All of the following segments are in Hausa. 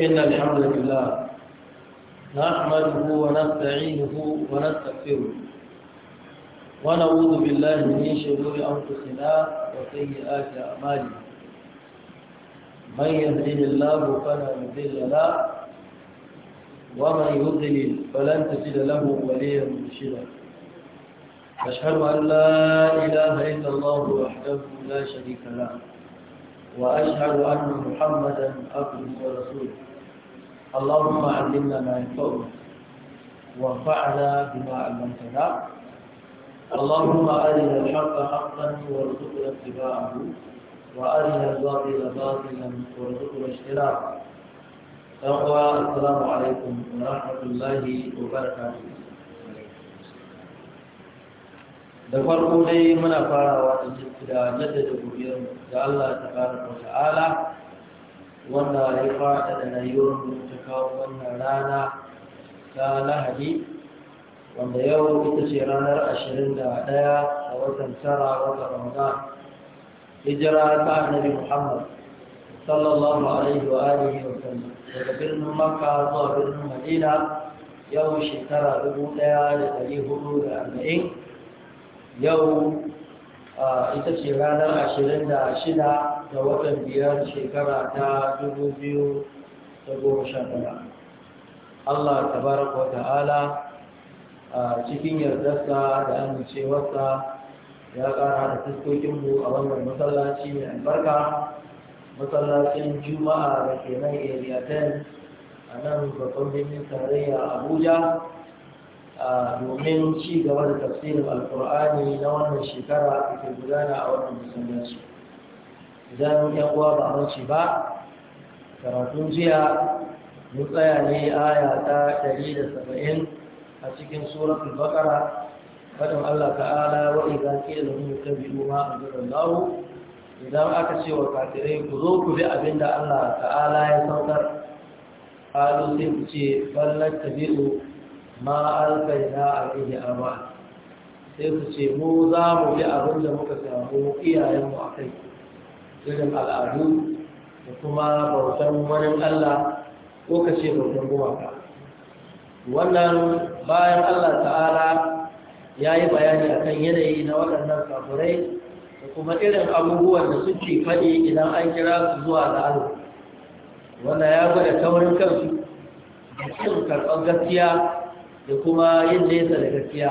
إن الحمد لله نحمده ونستعينه ونستغفره ونعوذ بالله من شرور أنفسنا وسيئات أعمالنا من يهده الله فلا مضل له ومن يضلل فلن تجد له وليا مرشدا أشهد أن لا إله إلا الله وحده لا شريك له وأشهد أن محمدا عبده ورسوله اللهم علمنا ما ينفعنا وانفعنا بما علمتنا اللهم أرنا الحق حقا وارزقنا اتباعه وأرنا الباطل باطلا وارزقنا اجتنابه تقوى السلام عليكم ورحمة الله وبركاته da farko dai muna farawa da jaddada godiyar da Allah ta baraka da ta'ala wanda ya fada da rayuwar mu ta kawo wannan rana ta Lahadi wanda yau ita ce ranar 21 a watan tara wata Ramadan hijira ta Annabi Muhammad sallallahu alaihi wa alihi wa sallam daga birnin Makka zuwa birnin Madina yau shekara 1440 yau ita ce ranar ashirin da shida ga watan biyar shekara ta dubu biyu da goma sha allah tabaraka wa ta'ala a cikin yardarsa da amincewarsa ya kara da fuskokinmu a wannan masallaci mai albarka masallacin juma'a da ke nan area a nan babban birnin tarayya abuja domin ci gaba da tafsirin alkur'ani na wannan shekara da ke gudana a wannan musulunci idan yan uwa ba mace ba karatun jiya mu tsaya ne aya ta 170 a cikin suratul baqara fadin Allah ta'ala wa idza qila lahum biyu ma anzalallahu idan aka ce wa kafirai ku zo ku bi abinda Allah ta'ala ya saukar qalu sai ku ce bal biyu. ma alkaina alaihi aba sai su ce mu za mu bi abin da muka samu iyayenmu a kai irin al'adu da kuma bautan wani allah ko ka ce bautan gumaka wannan bayan allah ta'ala ya yi bayani a kan yanayi na waɗannan kafurai da kuma irin abubuwan da suke faɗi idan an kira su zuwa da alu wannan ya gwada taurin kansu da cin karɓar gaskiya da kuma yin nesa da gaskiya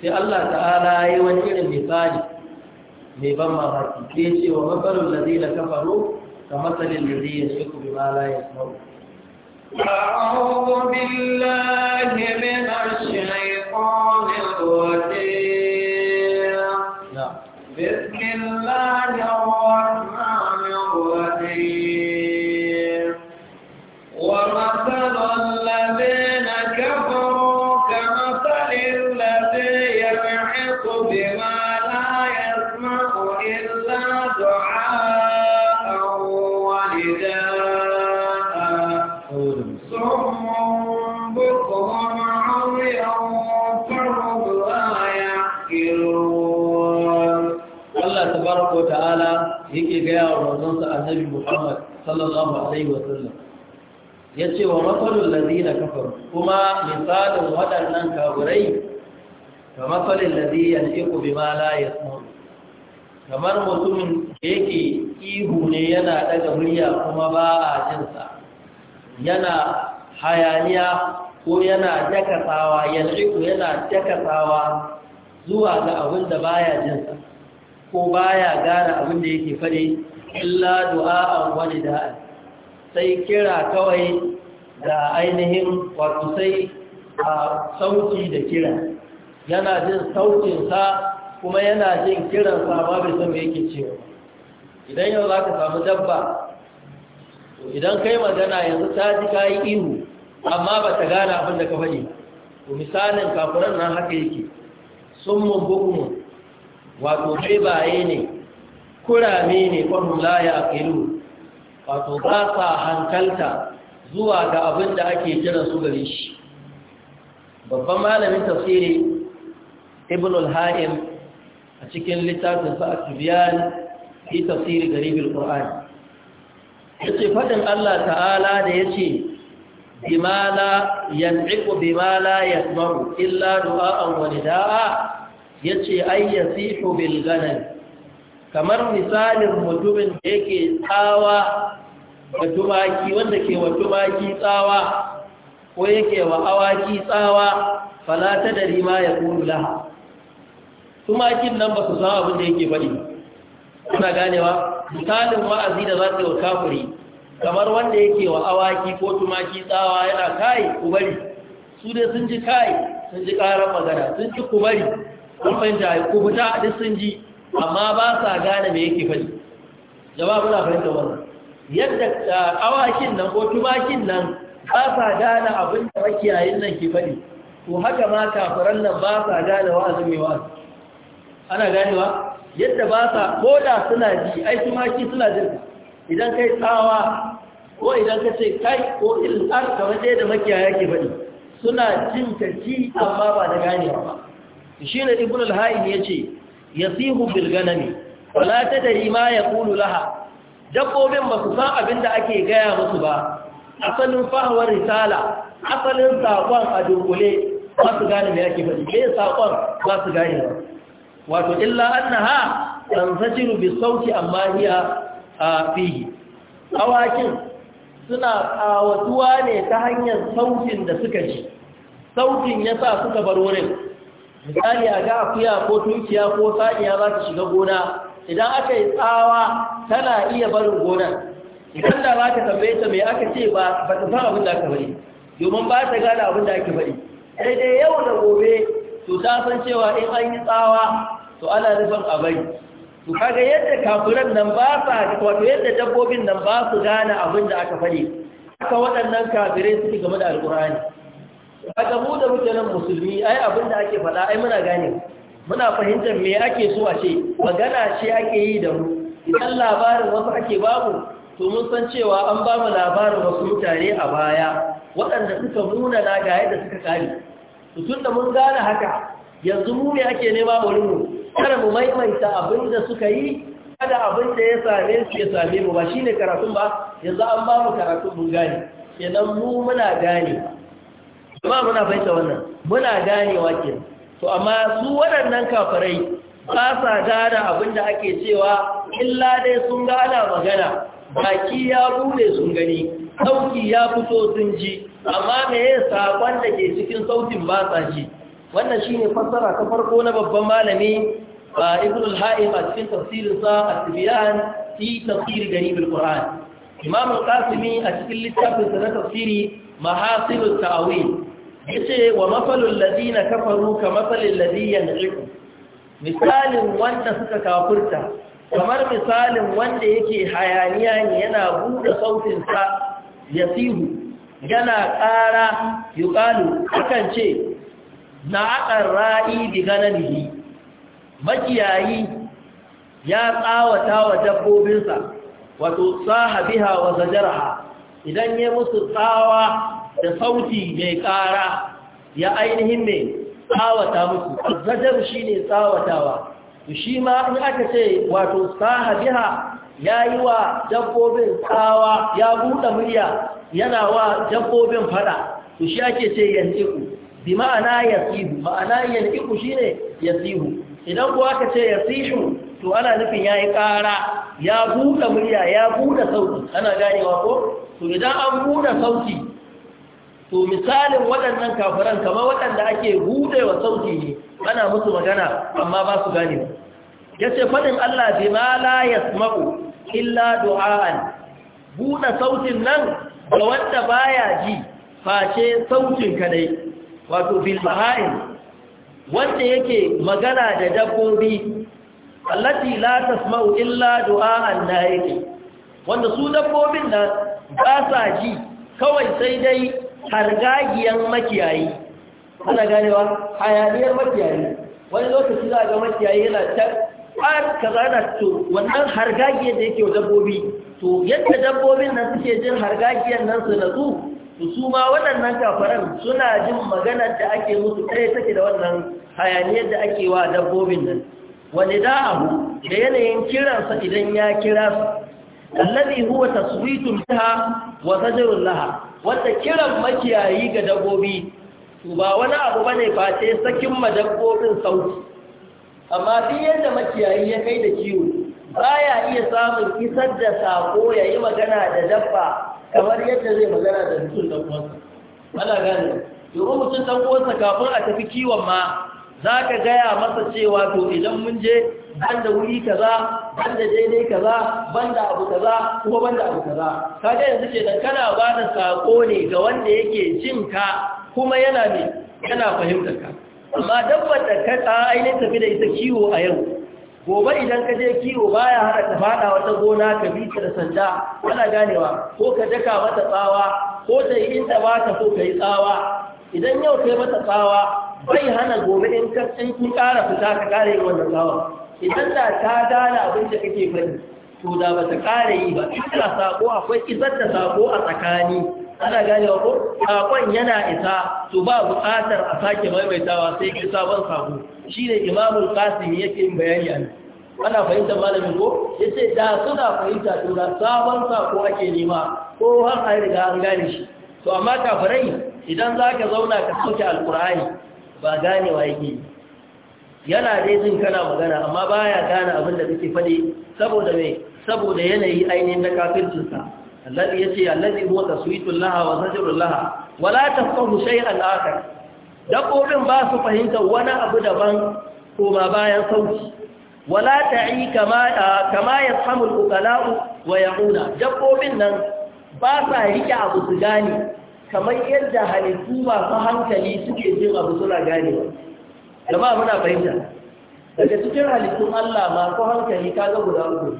sai Allah ta'ala yi wani irin misali mai ban mamaki ke ce wa mafarun da zai da kafaro ka matsalin da zai yin shi ku bi la ya Muhammad sallallahu alaihi wa sallam yace wa masalul ladina kafaru kuma misalin waɗannan kafirai ka masalin ladhi yanfiqu bima la yasmu kamar mutumin da yake ihu ne yana daga murya kuma ba a jin sa yana hayaniya ko yana jakasawa yanfiqu yana jakasawa zuwa ga abin da baya jin sa ko baya gane abin da yake fare illa du'a'an wani da'a sai kira kawai da ainihin wato sai a sauti da kira yana jin sautinsa kuma yana jin kiransa babu san me yake cewa idan yau za ka samu dabba to idan kai magana yanzu ta ji ka yi ihu amma ba ta gane abin da ka faɗi to misalin kafuran nan haka yake sun mun bukumu wato baye ne kurame ne ƙwahun laye a ƙilu wato ba sa hankalta zuwa ga abin da ake jiran su gari. shi babban malamin tafsiri ibn al-ha'im a cikin littafin sa atibiyan fi tafsiri garibin Ya yace faɗin Allah ta'ala da yace bima la yan'iqu bima la yasmaru illa du'a'an wani da'a yace ay yasihu bil ghanan kamar misalin mutumin da yake tsawa da tumaki wanda ke wa tumaki tsawa ko yake wa awaki tsawa falata da rima ya kuru laha tumakin nan ba su san abin da yake faɗi kuna ganewa misalin wa'azi da za su yi wa kafuri kamar wanda yake wa awaki ko tumaki tsawa yana kai kubari su dai sun ji kai sun ji ƙarar magana sun ji kubari yin fahimta ku fita duk sun ji amma ba sa gane me yake faɗi jama'a muna fahimta wannan yadda ah, awakin nan ko tumakin nan ba sa gane abin da makiyayin nan ke faɗi to haka ma kafiran nan ba sa gane wa'azin mai wa'azi ana ganewa yadda ba sa ko da suna ji ai tumaki suna jin idan kai tsawa ko idan ka ce kai ko irin tsar kamar ɗaya da makiyaya ke faɗi suna jin ka ji amma ba da ganewa ba shi ne ibn al-haim ya ce yasihu bil ganami wala tadri ma yaqulu laha dabbobin ba su san abin da ake gaya musu ba asalin fahwa risala asalin saƙon a dukule ba su gane me ake faɗi me saƙon ba su gane ba wato illa annaha tansajiru bi sauti amma hiya fihi awakin suna ƙawatuwa ne ta hanyar sautin da suka ji sautin ya sa suka bar wurin misali a ga akuya ko tunkiya ko saniya za ta shiga gona idan aka yi tsawa tana iya barin gonar idan da ba ta tambaye ta mai aka ce ba ba ta san abin da aka bari domin ba ta gane abin da ake bari sai dai yau da gobe to ta san cewa in an yi tsawa to ana nufin a bari to kaga yadda kafiran nan ba sa wato yadda dabbobin nan ba su gane abin da aka faɗi haka waɗannan kafirai suke game da alƙur'ani kaga mu da muke nan musulmi ai abinda ake faɗa ai muna gane muna fahimtar me ake so a ce magana ce ake yi da mu idan labarin wasu ake babu to mun san cewa an ba mu labarin wasu mutane a baya waɗanda suka nuna na ga yadda suka kare to tun da mun gane haka yanzu mu ne ake nema wurin mu kada mu maimaita abin da suka yi kada abin da ya same su ya same mu ba shine karatun ba yanzu an ba mu karatun mun gane kenan mu muna gane kuma muna fahimta wannan muna ganewa ke to amma su waɗannan kafarai ba sa gane abin da ake cewa illa dai sun gana magana baki ya bude sun gani sauki ya fito sun ji amma me ya sakon da ke cikin sautin ba sa ji wannan shine fassara ta farko na babban malami ibn al-haim a cikin tafsirinsa at-tibyan fi tafsir garib al-quran imam a cikin littafinsa na tafsiri mahasil ta'awil yace wa mafalul ladina kafaru ka mafalil ladhi yan'iqu misalin wanda suka kafurta kamar misalin wanda yake hayaniya ne yana bude sautin sa yasihu yana ƙara yuqalu akan ce na aqar ra'i bi gananihi makiyayi ya tsawata wa dabbobinsa wato sahabiha wa zajaraha idan ya musu tsawa da sauti mai ƙara ya ainihin mai tsawata musu zajar shi ne tsawatawa shi ma in aka ce wato saha biha ya yi wa dabbobin tsawa ya buɗe murya yana wa dabbobin fada to shi ake ce yantiku bi ma'ana yasihu ma'ana yantiku shi ne yasihu idan kuwa aka ce yasihu to ana nufin ya yi ƙara ya buɗe murya ya buɗe sauti ana ganewa ko to idan an buɗe sauti to misalin waɗannan kafiran kamar waɗanda ake buɗe wa sauti ne ana musu magana amma ba su gane ya ce faɗin Allah bi ma la yasma'u illa du'a'an buɗe sautin nan ga wanda baya ji face sautin kadai wato bil bahaim wanda yake magana da dabbobi allati la tasma'u illa du'a'an yake. wanda su dabbobin nan ba sa ji kawai sai dai hargagiyan makiyayi ana ganewa hayaniyar makiyayi wani lokaci za a ga makiyayi yana ta ƙwar ka zana to wannan hargagiyar da yake dabbobi to yadda dabbobin nan suke jin hargagiyar nan su natsu su ma waɗannan kafaran suna jin maganar da ake musu ɗaya take da wannan hayaniyar da ake wa dabbobin nan wani abu da yanayin kiransa idan ya kira su allazi huwa taswitun biha wa zajrun laha wanda kiran makiyayi ga dabbobi ba wani abu ba ne face sakin madabbobin sauti amma duk yadda makiyayi ya kai da kiwo baya iya samun isar da sako ya yi magana da dabba kamar yadda zai magana da mutum dan uwansa ana gane domin mutum san kafin a tafi kiwon ma za ka gaya masa cewa to idan mun je ban da wuri kaza ban da daidai kaza ban da abu kaza kuma ban da abu kaza ka ga yanzu ke dan kana ba da sako ne ga wanda yake jin ka kuma yana ne yana fahimtar ka amma dabbar da ka ta ainihin tafi da ita kiwo a yau gobe idan ka je kiwo baya hada ta fada wata gona ka bi ta da sanda kana ganewa ko ka daka mata tsawa ko ta yi inda ba ta so ka yi tsawa idan yau kai mata tsawa bai hana gobe in ka in kun ƙara fita ka ƙara yin wannan gawa idan da ta gane abin da kake faɗi to da ba ta ƙara yi ba ina sako akwai izar da sako a tsakani ana gane ko sakon yana isa to ba buƙatar a sake maimaitawa sai ka sabon sako shine kasi qasim yake yin bayani a ana fahimta malamin ko ya da suna fahimta to da sabon sako ake nema ko har a riga an gane shi to amma kafirai idan zaka zauna ka sauke alkur'ani ba ganewa yake yana dai jin kana magana amma baya gane abin da suke faɗi saboda mai saboda yanayi ainihin na kafircinsa allazi ce allazi huwa taswitul laha wa zajrul laha wala tafqahu shay'an akhar dabbobin ba su fahimta wani abu daban koma bayan sauki wala ta'i kama kama yafhamu al wa yauna dabbobin nan ba sa rike abu su gane kamar yadda halittu masu hankali suke jin abu suna gane Da gama muna fahimta daga cikin halittun Allah masu hankali ga guda uku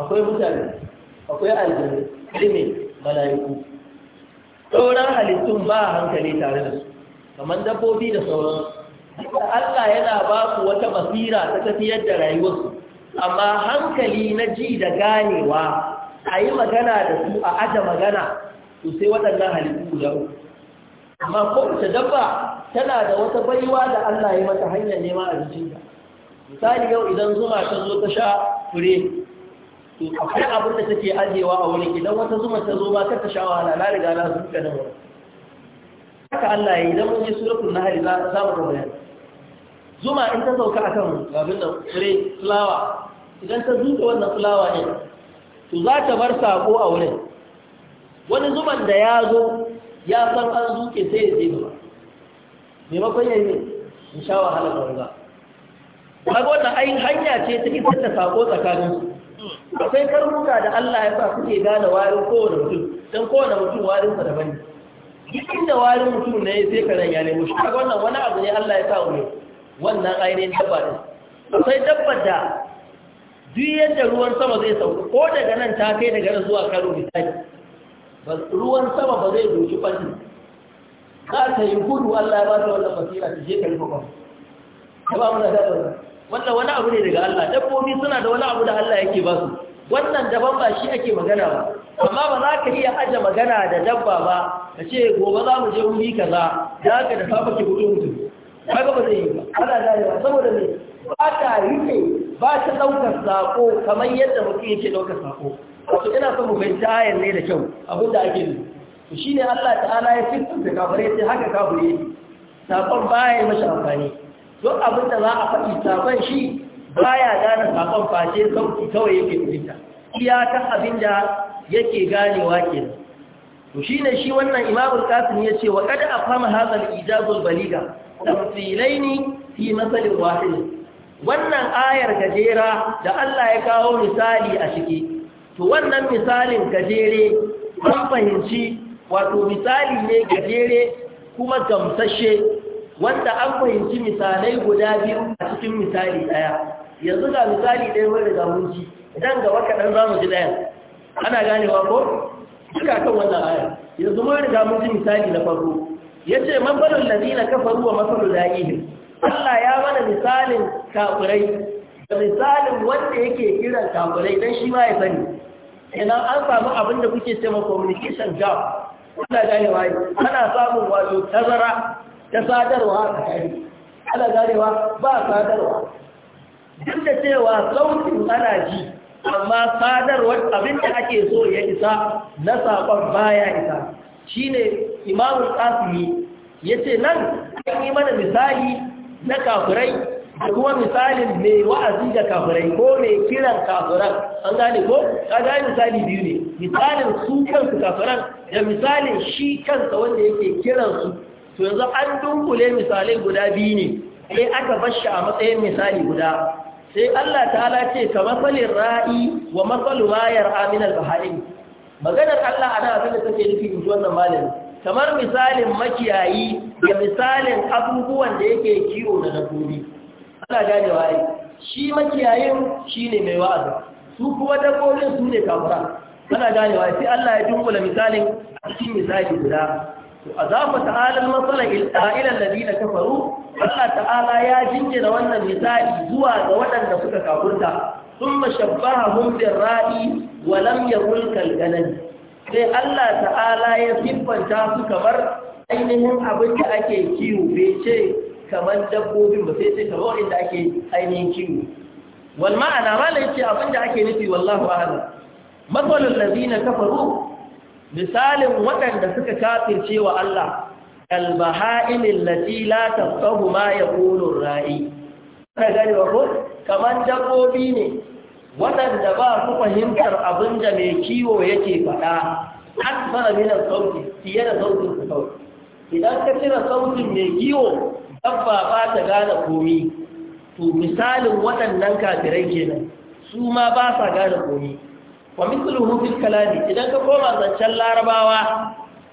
akwai mutane akwai aljihu ilimi mala'iku sauran halittun ba hankali tare da su kamar dabbobi da sauran Allah yana ba ku wata basira ta tafiyar da rayuwarsu amma hankali na ji da ganewa a yi magana da su a aje magana to sai waɗannan halittu guda uku amma ko kowace dabba tana da wata baiwa da Allah ya mata hanyar neman abincinta misali yau idan zuma ta zo ta sha fure to akwai abin da take ajewa a wurin idan wata zuma ta zo ba ta sha wahala na riga na su ka nan haka Allah ya yi idan mun yi suratul nahl za za mu yanzu. zuma in ta sauka akan abin da fure fulawa idan ta zuke wannan fulawa ne to za ta bar sako a wurin wani zuban da ya zo ya san an zuke sai ya zai gaba maimakon yin yi in sha wahala da wanga kaga wannan ai hanya ce ta isar da sako tsakanin su sai karnuka da Allah ya sa kuke gane warin kowane mutum don kowane mutum warin sa daban ne da warin mutum ya sai karen ran ya nemo shi wannan wani abu ne Allah ya sa mu wannan ainihin dabba ne sai dabba da duk yadda ruwan sama zai sauka ko daga nan ta kai daga zuwa Kano misali ruwan sama ba zai doki fanni ka ta yi gudu Allah ya ba ta wannan basira ta je ka rufe ba ba mu da ba. wannan wani abu ne daga Allah dabbobi suna da wani abu da Allah yake ba su wannan daban ba shi ake magana ba amma ba za ka iya aje magana da dabba ba ka ce gobe za mu je wuri kaza za ka da safa ki gudu mutum kaga ba zai yi ba ana da saboda me ba ta rike ba ta ɗaukar saƙo kamar yadda mutum yake ɗaukar saƙo wato ina son mu ta ayar ne da kyau abin da ake yi to shine Allah ta'ala ya fitinta kafare sai haka kafare sakon baya mashi amfani duk abin da za a faɗi sakon shi baya gane sakon face sauki kawai yake iya iyakan abin da yake ganewa ke to shine shi wannan imamul qasim ya ce wa kada afama hadha al-ijazul baliga tafsilaini fi masalin wahid wannan ayar gajera da Allah ya kawo misali a ciki to wannan misalin gajere an fahimci wato misali ne gajere kuma gamsashe wanda an fahimci misalai guda biyu a cikin misali ɗaya yanzu ga misali ɗaya wanda ga munci idan ga waka ɗan zamu ji ɗayan ana ganewa ko duka kan wannan aya yanzu mun riga mun ji misali na farko yace man balul ladina kafaru wa masalul laihim Allah ya mana misalin kafirai da misalin wanda yake kiran kafirai dan shi ma ya sani Idan an samu abin da kuke cewa communication gap kuna ganewa yi ana samun wato tazara ta sadarwa a kari ana ganewa ba sadarwa duk da cewa sautin ana ji amma sadarwar abin da ake so ya isa na saƙon baya isa shi ne imamun ƙasiri ya ce nan an yi mana misali na kafirai da kuma misalin mai wa'azi da kafirai ko mai kiran kafiran an gane ko kaga yi misali biyu ne misalin su kansu kafiran da misalin shi kansa wanda yake kiransu to yanzu an dunkule misalai guda biyu ne sai aka bashi a matsayin misali guda sai Allah ta'ala ce ka masalin ra'i wa masalu mayar yar'a min al maganar Allah ana abin da take nufi in wannan malin. kamar misalin makiyayi da misalin abubuwan da yake kiwo da dabbobi ana ganewa ai shi makiyayin shine mai wa'azi su kuma dabbobin su ne kafara ana ganewa sai Allah ya dunkula misalin a cikin misali guda to azafa ta'ala al-masala ila alladhina kafaru Allah ta'ala ya jinjina wannan misali zuwa ga waɗanda suka kafurta thumma shabbahahum bir-ra'i wa lam yakul kal sai Allah ta'ala ya siffanta su kamar ainihin abin da ake kiwo bai ce kamar dabbobin ba sai sai ta kamar inda ake ainihin kiwo wal ma'ana mala yace abin da ake nufi wallahu a'lam matsalul ladina kafaru misalin waɗanda suka kafirce wa Allah kal baha'imil lati la tafqahu ma yaqulur ra'i kana gani ba ko kamar dabbobi ne waɗanda ba su fahimtar abin da mai kiwo yake faɗa akfara min sauti fiye da sautin su kawai idan ka cire sautin mai kiwo dabba ba ta gane komi to misalin waɗannan kafirai kenan su ma ba sa gane komi wa mithluhu fil kalami idan ka koma zancen larabawa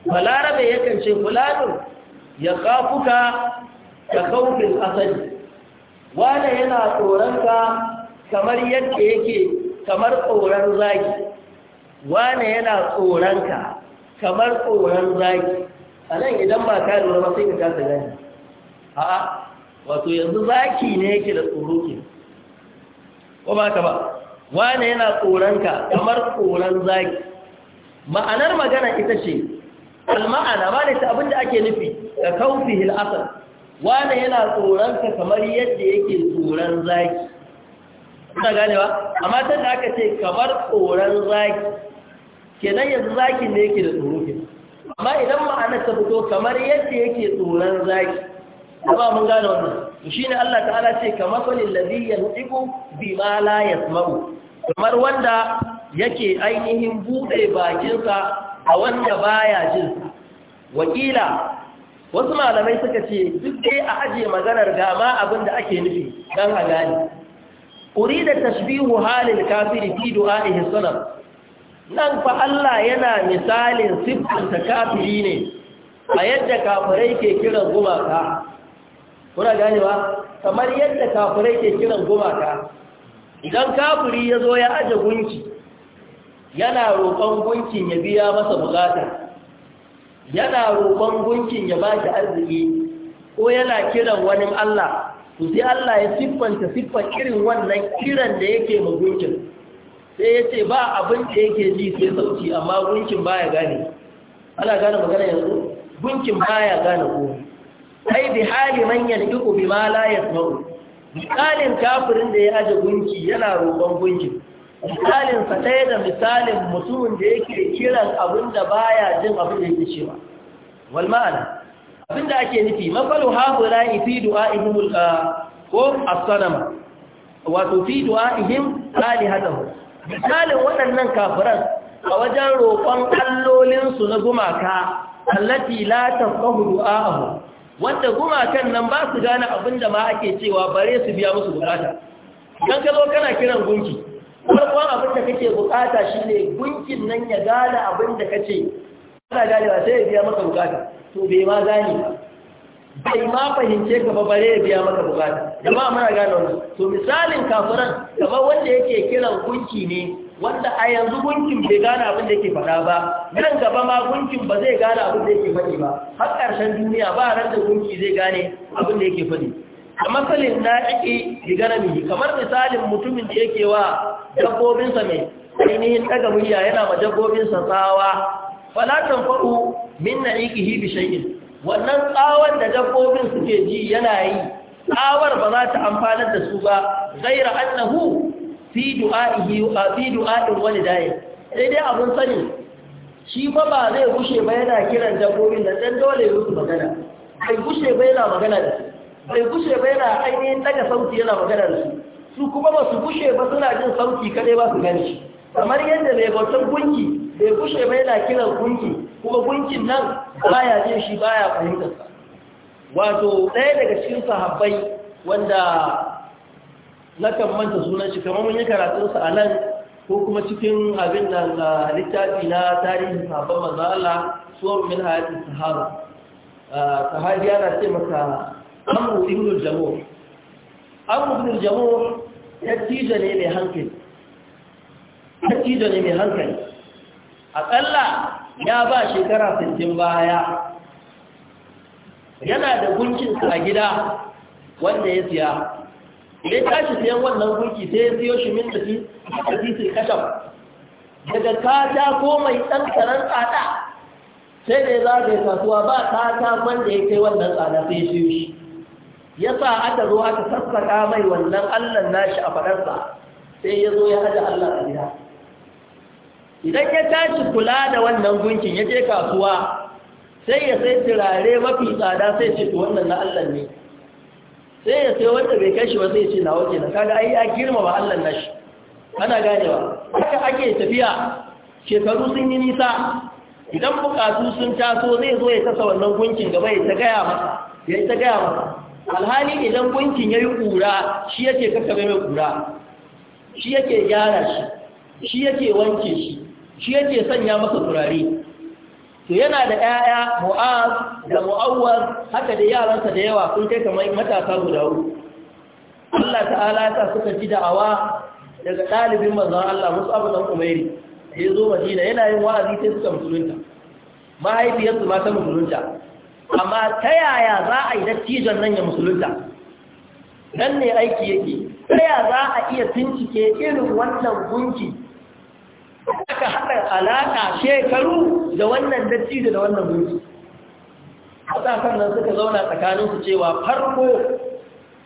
ba larabe yakan ce fulanun ya kafuka ka kaufin asali Wane yana tsoronka kamar yadda yake kamar tsoron zaki Wane yana tsoronka kamar tsoron zaki a nan idan ba ka lura ba sai ka kasa gani a'a wato yanzu zaki ne yake da tsoro ke ko ba ka ba wane yana tsoronka kamar tsoron zaki ma'anar magana ita ce al-ma'ana ba ne ta abin da ake nufi ka kaufi hil'asar wane yana tsoronka kamar yadda yake tsoron zaki kuna ganewa amma ta da aka ce kamar tsoron zaki kenan yanzu zaki ne yake da tsoro ke amma idan ma'anar ta fito kamar yadda yake tsoron zaki ba mun gane wannan shi ne Allah ta'ala ce kamar solin lazi ya bi ma la ya kamar wanda yake ainihin buɗe bakinsa a wanda baya jin wakila wasu malamai suka ce duk dai a ajiye maganar gama abin da ake nufi don a gane da tashbihu halin kafiri fi du'a'ihi sunan nan fa Allah yana misalin siffanta kafiri ne a yadda kafirai ke kiran gumaka kuna ganewa kamar yadda kafirai ke kiran gumaka idan kafiri ya zo ya aje gunki yana roƙon gunkin ya biya masa bukata yana roƙon gunkin ya ba shi arziki ko yana kiran wani Allah to sai Allah ya siffanta siffan irin wannan kiran da yake ma gunkin sai ya ce ba abin da yake ji sai sauci amma gunkin baya gane ana gane magana yanzu gunkin baya gane komai ai bi hali man bi ma la yasma'u misalin kafirin da ya aje gunki yana roƙon gunki misalin sa ɗaya da misalin mutumin da yake kiran abin da baya jin abin da yake cewa wal ma'ana abin da ake nufi mafalu haula fi du'a'ihim ko as-sanama wato fi du'a'ihim alihatahu misalin waɗannan kafiran a wajen roƙon allolinsu na gumaka allati la tafqahu du'a'ahum wanda gumakan nan ba su gane abin da ma ake cewa bare su biya musu bukata don ka zo kana kiran gunki farkon abin da kake bukata shine gunkin nan ya gane abin da kace ana ganewa sai ya biya maka bukata to bai ma gane ba bai ma fahimce ka ba bare ya biya maka bukata jama'a muna gane wannan to misalin kafiran kamar wanda yake kiran gunki ne wanda a yanzu gunkin bai gane abin da yake faɗa ba nan gaba ma gunkin ba zai gane abin da yake faɗi ba har ƙarshen duniya ba ran da gunki zai gane abin da yake faɗi a matsalin na ƙiƙi digarami kamar misalin mutumin da yake wa dabbobinsa mai ainihin ɗaga murya yana ma dabbobinsa tsawa falatan faɗu min na ƙiƙihi bishayin wannan tsawon da dabbobin suke ji yana yi tsawar ba za ta amfanar da su ba gaira annahu fi du'a'ihi wa uh, fi du'a'in walidayhi sai dai abun sani shi fa ba zai gushe ba yana kiran dabbobin da dan dole ya magana bai gushe ba yana magana da bai gushe ba yana ainihin daga sauti yana magana da su su kuma ba su gushe ba suna jin sauti kadai ba su gani kamar yadda mai bautan gunki bai gushe ba yana kiran gunki kuma gunkin nan baya jin shi baya fahimtar sa wato ɗaya daga cikin sahabbai wanda na kan manta sunan shi kamar mun yi karatunsa a nan ko kuma cikin abin da na littafi na tarihi sahabban manzo Allah suwar min hayatin sahara sahabi yana ce maka amru ibn al-jamur amru ibn al-jamur ya tija ne mai hankali ya tija ne mai hankali akalla ya ba shekara 60 baya yana da gunkin a gida wanda ya siya ya tashi sayan wannan gunki sai ya siyo shi min da tafi sai kashaf daga kata ko mai ɗan karan tsada sai da ya zagaye kasuwa ba kata wanda ya kai wannan tsada sai ya siyo shi ya sa aka zo aka sassaka mai wannan allan nashi a faɗarsa sai ya zo ya haɗa allah a gida idan ya tashi kula da wannan gunkin ya je kasuwa sai ya sai turare mafi tsada sai ce wannan na allah ne sai ya sai wanda bai kai shi ba sai ce na wace na kaga ai ya girma ba Allah nashi ana ganewa haka ake tafiya shekaru sun yi nisa idan bukatu sun taso zai zo ya kasa wannan gunkin gaba ya ta gaya masa ya ta gaya masa alhali idan gunkin ya yi ƙura shi yake kakkabe mai ƙura shi yake gyara shi shi yake wanke shi shi yake sanya masa turare to yana da 'ya'ya mu'az da mu'awwaz haka da yaransa da yawa sun kai kamar matasa guda uku Allah ta'ala ta suka ji da'awa daga ɗalibin manzon Allah Mus'ab bin Umairi da ya zo Madina yana yin wa'azi sai suka musulunta mahaifiyarsu ma ta musulunta amma ta yaya za a yi dattijon nan ya musulunta nan ne aiki yake ta yaya za a iya bincike irin wannan gunki aka haɗa alaƙa shekaru da wannan datti da wannan mutu Haɗa nan suka zauna tsakaninsu cewa farko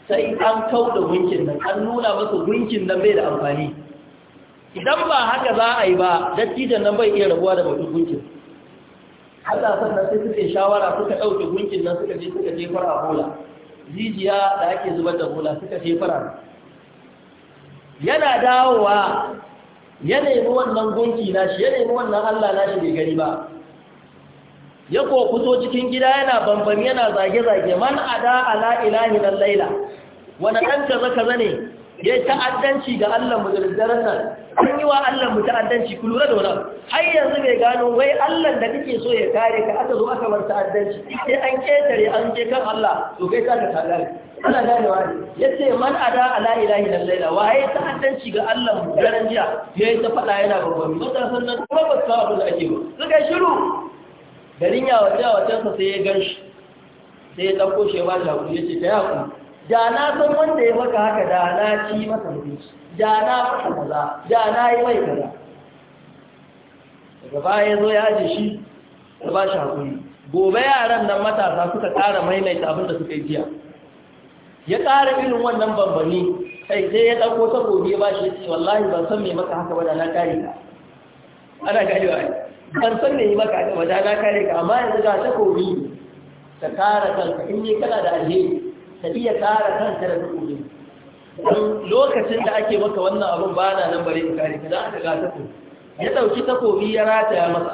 sai an kau da gunkin nan an nuna masa gunkin nan bai da amfani idan ba haka za a yi ba dattijan nan bai iya rabuwa da batun gunkin matasan nan sai suke shawara suka ɗauke gunkin nan suka je suka jefar a hula. jijiya da ake zubar da hula suka jefar a yana dawowa ya nemi wannan gunki nashi ya nemi wannan Allah nashi bai gani ba ya ko fito cikin gida yana bambam yana zage-zage man ada ala ilahi nan laila wani ɗan kaza kaza ne ya yi ta'addanci ga Allah mu nan an yi wa Allah mu ta'addanci ku lura da har yanzu bai gano wai Allah da kake so ya kare ka aka zo aka bar ta'addanci sai an ketare an je kan Allah to kai ka ta kare Allah da ne wani ce man ada ala ilahi da laila wa ya ta'addanci ga Allah mu daren jiya yayi ta faɗa? yana babban matasan nan kuma ba kawo abu da ake ba suka shiru garin yawa ta sai ya ganshi sai ya dauko shi ya ba shi hakuri ce ta hakuri da na san wanda ya maka haka da na ci masa mutunci da na masa maza da na yi mai gaza daga baya zo ya aje shi da ba shi hakuri gobe yaran nan matasa suka ƙara maimaita abin da suka yi jiya ya ƙara irin wannan bambani kai sai ya ɗauko ta gobe ba shi ce wallahi ban san me maka haka ba da na kare ka ana ganewa ban san me yi maka haka ba da na kare ka amma yanzu ga takobi ta kare kanka in yi kana da alheri ka iya tsara kanka da duk don lokacin da ake maka wannan abin ba na nan bare kare ka za ka ga tafi ya ɗauki takobi ya rataya masa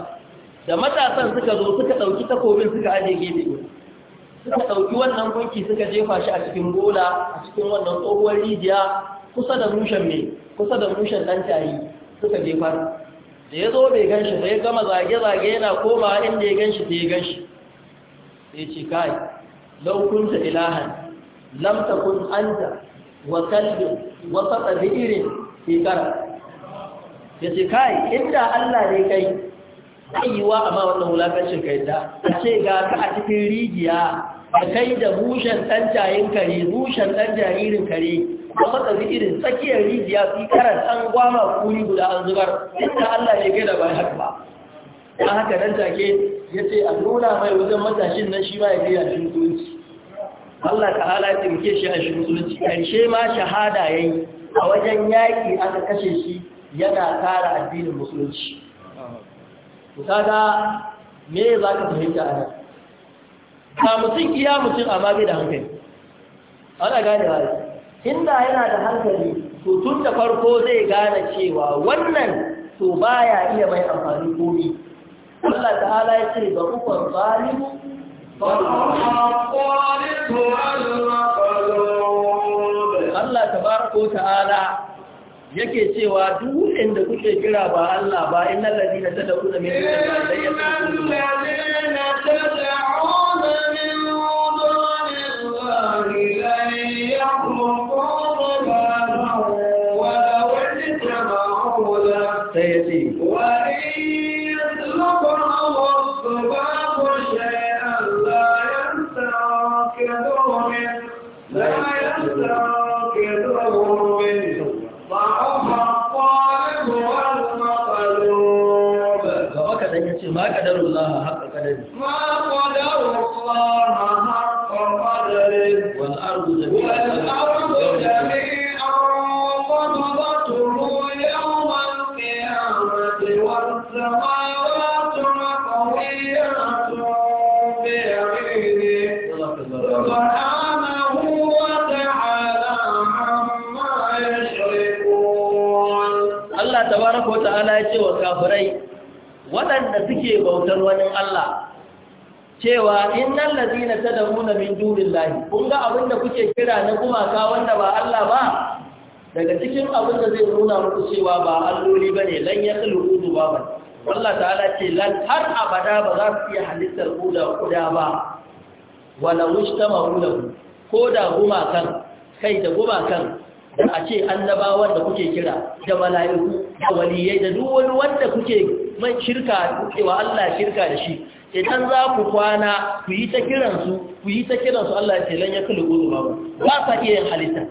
da matasan suka zo suka ɗauki takobin suka aje gefe suka ɗauki wannan gunki suka jefa shi a cikin gola a cikin wannan tsohuwar rijiya kusa da mushen mai kusa da mushen ɗan tayi suka jefa da ya zo bai gan shi sai gama zage-zage yana koma inda ya gan shi sai ya gan shi sai ce kai laukunta ilahan lam takun anta wa kalbi wa fata irin fi kara yace kai inda Allah ne kai aiwa amma wannan wulakancin kai da ce ga ka a cikin rigiya da kai da bushen ɗan jayin kare bushen dan jaririn kare da matsazi irin tsakiyar rijiya fi karar an gwama kuri guda an zubar inda Allah ya gaida ba haka ba A haka nan take ya ce a nuna mai wajen matashin nan shi ba ya gaya shi zuwanci Allah ta'ala ya taimake shi a shi musulunci karshe ma shahada yayi a wajen yaki aka kashe shi yana kara addinin musulunci to kaga me zaka fahimta a nan ka mutum iya mutum amma bai da hankali ana gane ba inda yana da hankali to tun da farko zai gane cewa wannan to baya iya mai amfani komai Allah ta'ala ya ce ba kuka zalimu Allah tabaraka wa ta'ala yake cewa duk inda kuke kira ba Allah ba innal ladina tad'una min dunihi la yasma'una kafirai waɗanda suke bautar wani Allah cewa in nan ta damu na min dunillahi kun ga abin da kuke kira na gumaka wanda ba Allah ba daga cikin abin zai nuna muku cewa ba alloli ba bane lan ba wallah Allah ta'ala ce lan har abada ba za su iya halittar kuda kuda ba wala wujtama lahu ko da gumakan kai da gumakan da a ce annabawan da kuke kira da mala'iku da waliyai da duk wanda kuke mai shirka wa Allah shirka da shi idan za ku kwana ku yi ta kiransu ku yi ta kiransu Allah ya ce lan kula uzuma ba sa iya yin halitta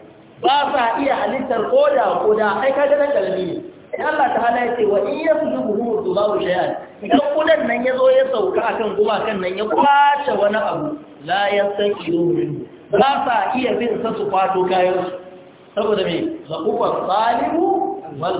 ba sa iya halittar koda koda ai ka ga kalmi ne Allah ta hana ce wa in yaslubuhu dhubabu shay'an idan kudan nan ya zo ya sauka akan gumakan nan ya kwace wani abu la yastanqidu ba sa iya bin sa su kwato kayan su saboda mai zaqufa salimu wal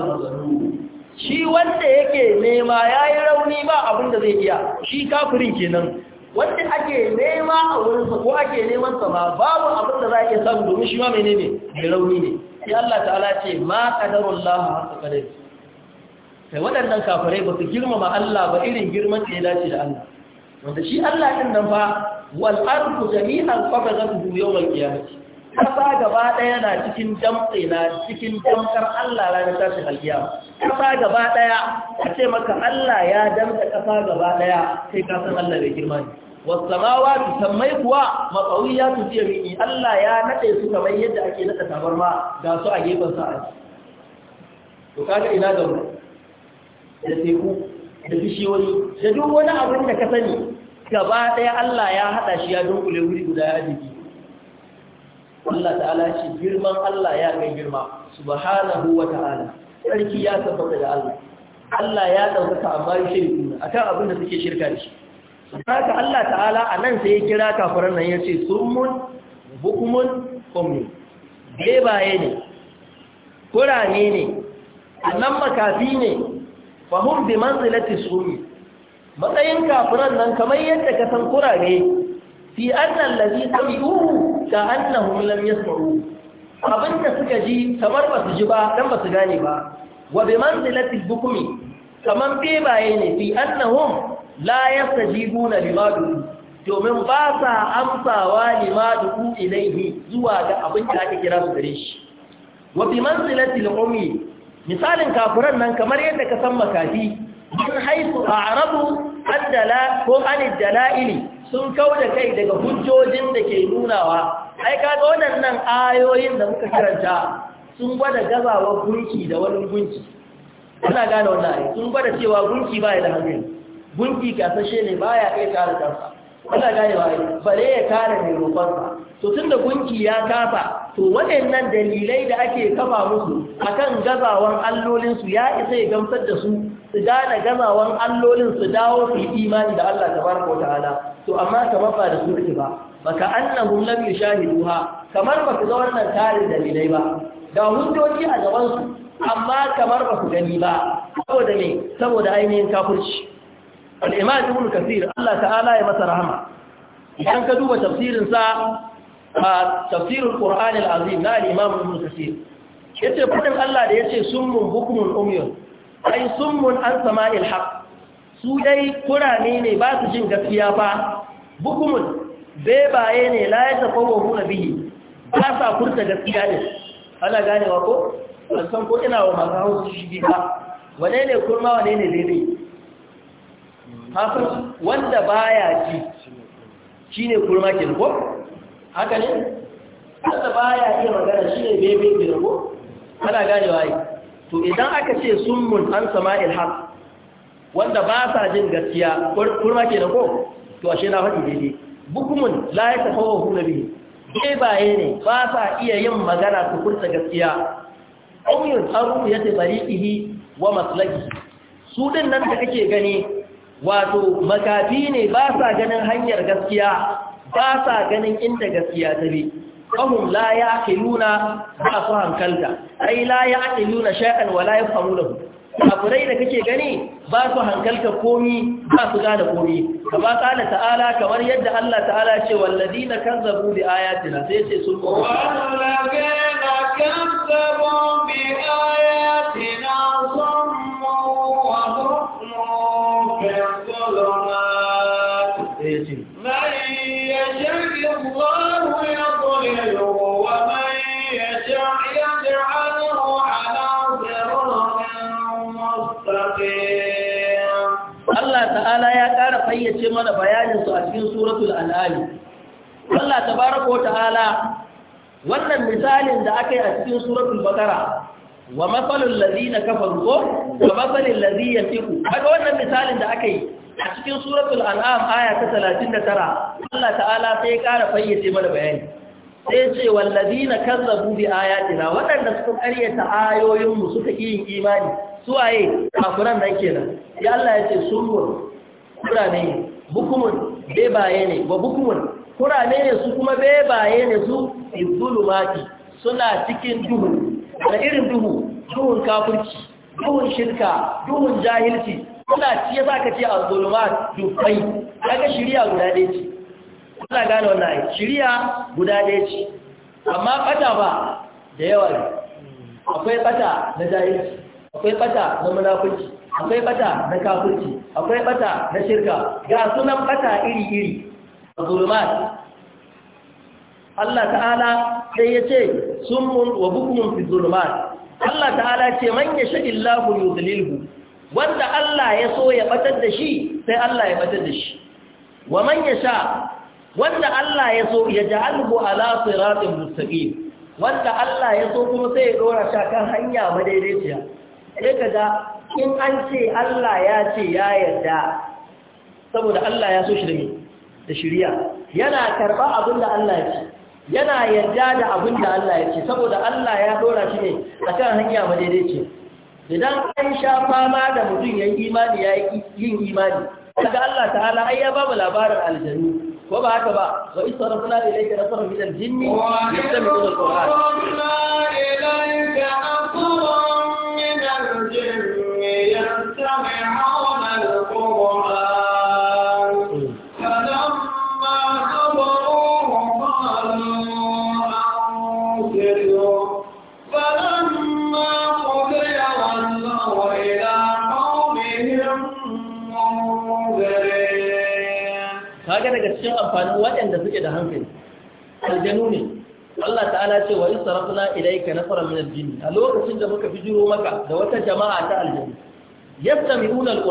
shi wanda yake nema yi rauni ba abin zai iya shi kafirin kenan wanda ake nema a wurin sa ko ake neman sa ma babu abin za a iya samun domin shi ma menene mai rauni ne sai Allah ta'ala ce ma qadarullahu haqqa qadari sai waɗannan kafirai ba su girmama Allah ba irin girman da ya dace da Allah wanda shi Allah din nan fa wal arku jami'an qabadatu yawm al-qiyamah kasa gaba ɗaya na cikin damtse na cikin damkar Allah ranar tashin alkiyama kasa gaba ɗaya a ce maka Allah ya damta kasa gaba ɗaya sai ka san Allah bai girma ne wasamawa su sammai kuwa ya su fiye mini Allah ya naɗe su kamar yadda ake naɗa tabarma ga su a gefen sa a to kaga ina ga mu da teku da bishiyoyi da duk wani abin da ka sani gaba ɗaya Allah ya haɗa shi ya dunkule wuri guda ya jiki Allah ta'ala ce girman Allah ya kai girma subhanahu wa ta'ala sarki ya tabbata da Allah Allah ya ɗaukaka amma shirku akan abin da suke shirka da shi haka Allah ta'ala a nan sai ya kira kafiran nan ya ce summun bukumun ummi bebaye ne kurane ne annan makafi ne fahim bi manzilati sumi matsayin kafiran nan kamar yadda ka san ne. fi annan lalli sami'uhu ka annahum lam yasma'u abinda suka ji kamar ba su ji ba don ba su gane ba wa bi manzilatil hukmi kamar bebaye ne fi annahum la yastajibuna lima limadu domin ba sa amsawa limadu ilaihi zuwa ga abin da ake kira su gare shi wa bi manzilatil ummi misalin kafuran nan kamar yadda ka san makafi haifu a a'rabu ko an dalaili sun kau da kai daga hujjojin da ke nunawa ai kaga waɗannan ayoyin da muka karanta sun gwada gazawa gunki da wani gunki kuna gane wannan ayi sun gwada cewa gunki baya da hankali gunki kasashe ne baya iya kare kansa kuna gane wa bare ya kare mai roƙonsa to tunda gunki ya kafa to waɗannan dalilai da ake kafa musu akan gazawan allolinsu ya isa ya gamsar da su su gane gazawan allolin su dawo su yi imani da Allah Ta tabaraka wa ta'ala to amma kamar ba da su ba baka annan annahum lam yushahiduha kamar ba su ga wannan tarin dalilai ba da hujjoji a gabansu, amma kamar ba su gani ba saboda me saboda ainihin kafirci al-imam ibn kathir Allah ta'ala ya masa rahama idan ka duba tafsirin sa tafsirul qur'an al-azim na al-imam ibn kathir yace fadin Allah da yace summun bukmun umyun ai mun an sama haq su dai kurane ne ba su jin gaskiya fa bukumun bebaye ne la ya tafawo hula biyu ba sa kurta gaskiya ne ana ganewa ko san ko ina wa masu hausa shige ba wane ne kurma wane ne daidai hafin wanda baya ji shine kurma ke ko haka ne wanda baya iya magana ne bebe ke ko ana ganewa yi. to idan aka ce mun an sama'il haq wanda ba sa jin gaskiya kurma ke da ko to ashe na faɗi daidai bukumun la ya tafa wa hula dai baye ne ba sa iya yin magana su kurta gaskiya ƙauyin tsaro ya ce bari'ihi wa maslaki su ɗin nan da kake gani wato makafi ne ba sa ganin hanyar gaskiya ba sa ganin inda gaskiya ta bi fahum la yaqiluna ba su hankalta ai la yaqiluna shay'an wa la da kake gani ba su hankalta komi ba su gada komi ba kala ta'ala kamar yadda Allah ta'ala ce walladina kazzabu bi ayatina sai ce sun ko ayatina ya fayyace mana bayaninsu a cikin suratul al'ali Allah ta baraka wa ta'ala wannan misalin da aka yi a cikin suratul bakara wa matsalin Ladina kafar ko wa matsalin lalina teku haka wannan misalin da aka yi a cikin suratul al'am aya ta talatin da tara Allah ta'ala sai ya ƙara fayyace mana bayani sai ce wallazina kazzabu bi ayatina waɗanda suka ƙaryata ayoyinmu suka yi imani suwaye kafiran nan kenan ya Allah ya ce sun kurame ne bukumun bebaye ne wa bukumun kurame ne su kuma bebaye ne su izulumati suna cikin duhu da irin duhu duhun kafirci duhun shirka duhun jahilci suna ciye za ka ce a zulumat dufai daga shirya guda ɗaya ce suna gane wannan ayi shirya guda ɗaya ce amma ɓata ba da yawa ne akwai ɓata na jahilci akwai ɓata na munafurci akwai ɓata na kafirci akwai bata na shirka ga sunan bata iri-iri a zulumat Allah ta'ala sai ya ce sun summun wa bukumun fi zulumat Allah ta'ala ce man ya sha illahu yudlilhu wanda Allah ya so ya batar da shi sai Allah ya batar da shi wa man ya sha wanda Allah ya so ya ja'alhu ala siratin mustaqim wanda Allah ya so kuma sai ya dora shi kan hanya madaidaiciya sai kaga in an ce Allah ya ce ya yarda saboda Allah ya so shi da da shiriya yana karɓa abin da Allah ya ce yana yarda da abin da Allah ya ce saboda Allah ya dora shi ne a kan hanya ce. idan an sha fama da mutum ya yi imani ya yi yin imani daga Allah ta'ala ai ya ba mu labarin aljannu ko ba haka ba wa isra rabbuna ilayka rasulun min al-jinni yastami'una al-qur'an waɗanda suke da hankali aljanu ne Allah ta'ala ce wa israfna ilayka nafaran min al a lokacin da muka jiro maka da wata jama'a ta aljanu yastami'una al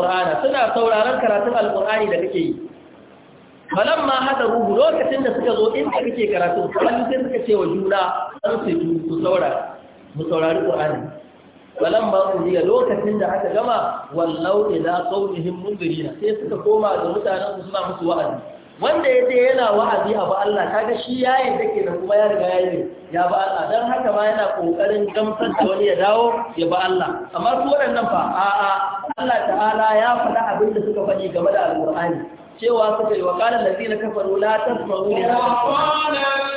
suna sauraron karatun al da kake yi falamma ruhu lokacin da suka zo inda kake karatu sai suka ce wa juna an su ku saurara mu saurari qur'ani walan ba ku lokacin da aka gama wallau ila qaumihim mundirina sai suka koma da mutanen su suna musu wa'azi wanda ya je yana wa'azi a Allah kaga shi ya da ke da kuma ya riga ya yi ya ba Allah dan haka ma yana kokarin gamsar da wani ya dawo ya ba Allah amma su waɗannan a a'a Allah ta'ala ya faɗa abin da suka faɗi game da al'ur'ani cewa suka yi wa da allazina na la tasma'u li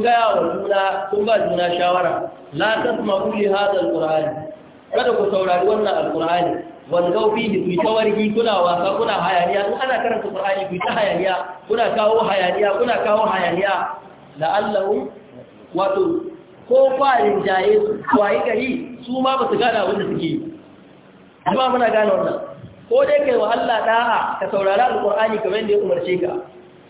kun gaya wa juna kun ba juna shawara la kuma li hada alquran kada ku saurari wannan alquran walgau fihi ku ta wargi kuna wasa kuna hayaniya in ana karanta qur'ani ku ta hayaniya kuna kawo hayaniya kuna kawo hayaniya la'allahu wato ko farin jaye su wayi gari su ma ba su gana wanda suke amma muna gane wannan ko dai kai wa Allah da'a ka saurari alqur'ani kamar yadda ya umarce ka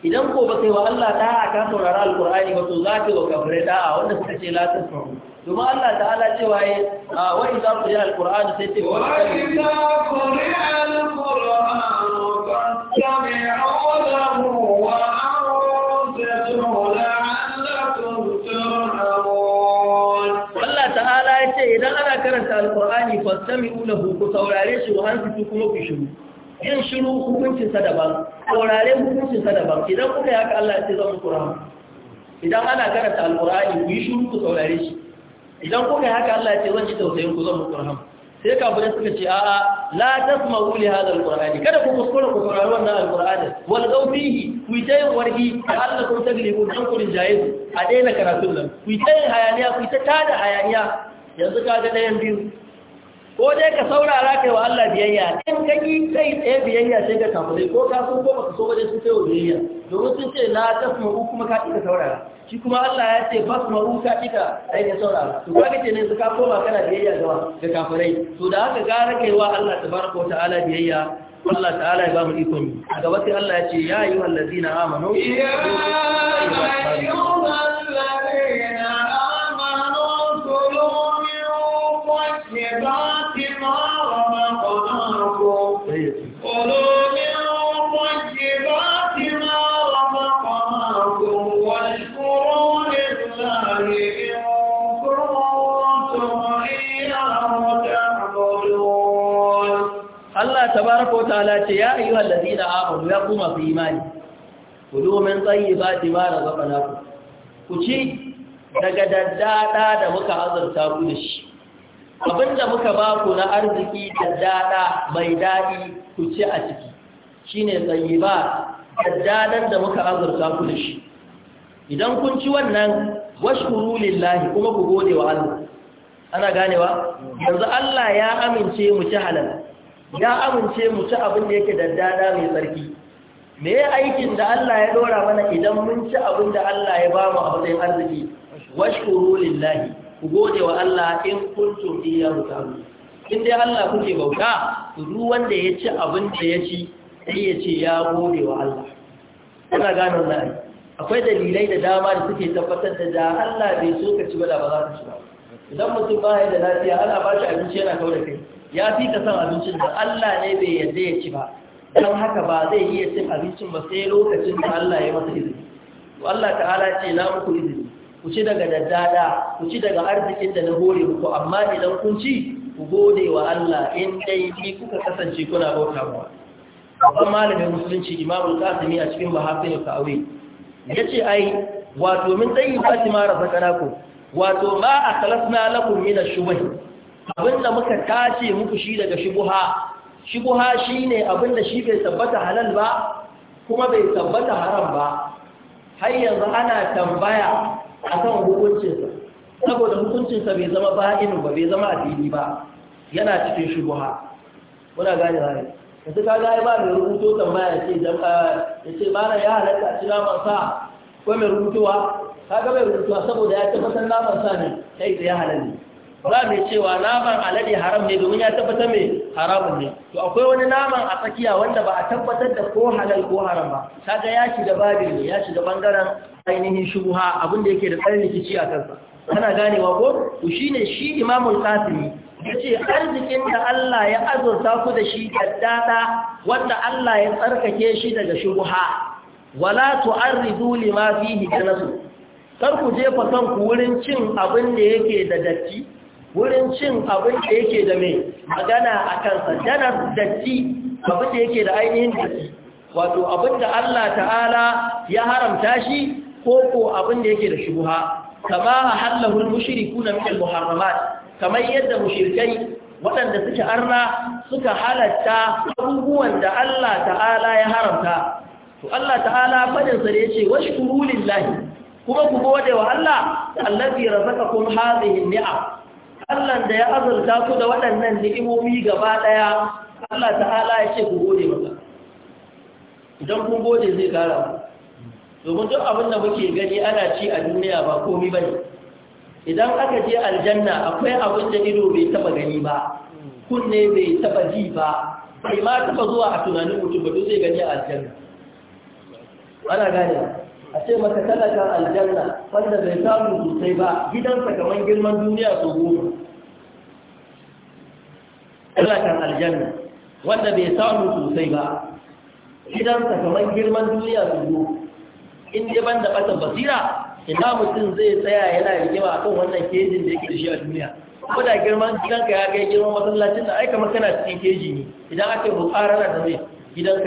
idan ko ba kai wa Allah da'a ka saurara alqur'ani ba to za ka wa kafirai da'a wanda suka ce la tasma'u domin Allah ta'ala cewa ya wa idza quri'a alqur'an sai ce wa idza quri'a alqur'an fastami'u lahu wa ansitu la'allakum turhamun Allah ta'ala ya ce idan ana karanta alqur'ani fastami'u lahu ku saurare shi wa ansitu kuma ku shiru yin shiru hukuncinsa daban saurare hukuncin sa daban idan kuka yaka Allah ya ce zan muku rahama idan ana karanta alqur'ani ku yi shiru ku saurare shi idan kuka yaka Allah ya ce zan ji tausayin ku zan muku rahama sai kafirai suka ce a'a la tasma'u li hadha alqur'ani kada ku kuskura ku saurari wannan alqur'ani wal qawfihi ku tayi warhi ta'allakum taglibu dan ku jayiz a daina karatun nan ku yi tayi hayaniya ku yi ta tada hayaniya yanzu kaga dayan biyu ko dai ka saurara kai wa Allah biyayya in ka yi kai tsaye biyayya sai ka kafirai ko ka sun ko baka so ba dai sun kai wa biyayya domin sun ce la tasma'u kuma ka ka saurara shi kuma Allah ya ce fasma'u ka ka sai ka saurara to ka ce ne ka koma kana biyayya ga ga kafirai to da haka gara kai wa Allah tabaraka wa ta'ala biyayya Allah ta'ala ya ba mu ikon a gaba sai Allah ya ce ya yi wallazina amanu Yeah. yi Allah tabaraka wa ta'ala ce ya ayyuhal ladina amanu ya kuma fi imani kulu min da ma razaqnakum ku ci daga daddada da muka azurta ku da shi abinda muka ba ku na arziki daddada mai daɗi ku ci a ciki shine ba daddadan da muka azurta ku da shi idan kun ci wannan washkuru lillahi kuma ku gode wa Allah ana ganewa yanzu Allah ya amince mu ci halal ya amince mu ci abin da yake daddada mai tsarki me ya aikin da Allah ya dora mana idan mun ci abin da Allah ya ba mu a matsayin arziki washkuru lillahi ku gode wa Allah in kuntum iyyahu ta'budun in dai Allah kuke bauta duk wanda ya ci abin da ya ci sai ya ce ya gode wa Allah kana gane wannan akwai dalilai da dama da suke tabbatar da da Allah bai so ka ci ba da ba za ka ci ba idan mutum ba ya da lafiya ana ba shi abinci yana kawo da kai ya fi ka san abincin da Allah ne bai yadda ya ci ba don haka ba zai iya cin abincin ba sai lokacin da Allah ya masa izini to Allah ta'ala ce na muku izini ku ci daga daddada ku ci daga arzikin da na hore ku amma idan kun ci ku gode wa Allah in dai ni kuka kasance kuna bauta ba babban malamin musulunci Imam Al-Qasimi a cikin Mahafil Ta'awi yace ai wato min dai fatima razaqanakum wato ma akhlasna lakum min ash shubuh abinda muka tace muku shi daga shubuha shubuha shine abinda shi bai tabbata halal ba kuma bai tabbata haram ba har yanzu ana tambaya akan hukuncinsa saboda hukuncinsa bai zama ba'in ba bai zama addini ba yana cikin shubuha muna gane hali yanzu ka gaya ba mai rubuto tambaya ce ya ce ba na ya halatta a ci naman sa ko mai rubutuwa? ka ga mai rubutuwa saboda ya tabbatar naman sa ne sai ya halalli ba mai cewa naman alade haram ne domin ya tabbatar mai haramun ne to akwai wani naman a tsakiya wanda ba a tabbatar da ko halal ko haram ba kaga ya shiga babin ne ya shiga bangaren ainihin shubuha abin da yake da tsarin rikici a kansa kana ganewa ko to shine shi imamul qasimi yace arzikin da Allah ya azurta ku da shi kaddada wanda Allah ya tsarkake shi daga shubuha wala tu'arridu lima fihi kanasu kar ku jefa kanku wurin cin abin da yake da datti wurin cin abin da yake da mai magana a kansa janar datti abin da yake da ainihin datti wato abin da Allah ta'ala ya haramta shi ko ko abin da yake da shubha kama halahul mushiriku na al-muharramat kamar yadda mushirikai, waɗanda suke arna suka halatta abubuwan da Allah ta'ala ya haramta to Allah ta'ala fadin sa da yace washkuru lillahi kuma ku gode wa Allah allazi razaqakum hadhihi ni'a Allah da ya azurta ku da waɗannan ni'imomi gaba ɗaya Allah ta'ala ya ce ku gode maka idan kun gode zai kara ku domin duk abin da muke gani ana ci a duniya ba komi ba ne idan aka je aljanna akwai abin da ido bai taba gani ba kunne bai taba ji ba bai ma taba zuwa a tunanin mutum ba duk zai gani a aljanna ana gane a ce maka talakan aljanna wanda bai samu sosai ba gidansa kamar girman duniya su goma kan aljanna wanda bai samu sosai ba gidansa kamar girman duniya su zo in ji ban da ɓatan basira ina mutum zai tsaya yana rigima kan wannan kejin da yake da shi a duniya ko da girman gidanka ya kai girman masallacin da ai kamar kana cikin keji ne idan aka yi da zai gidanka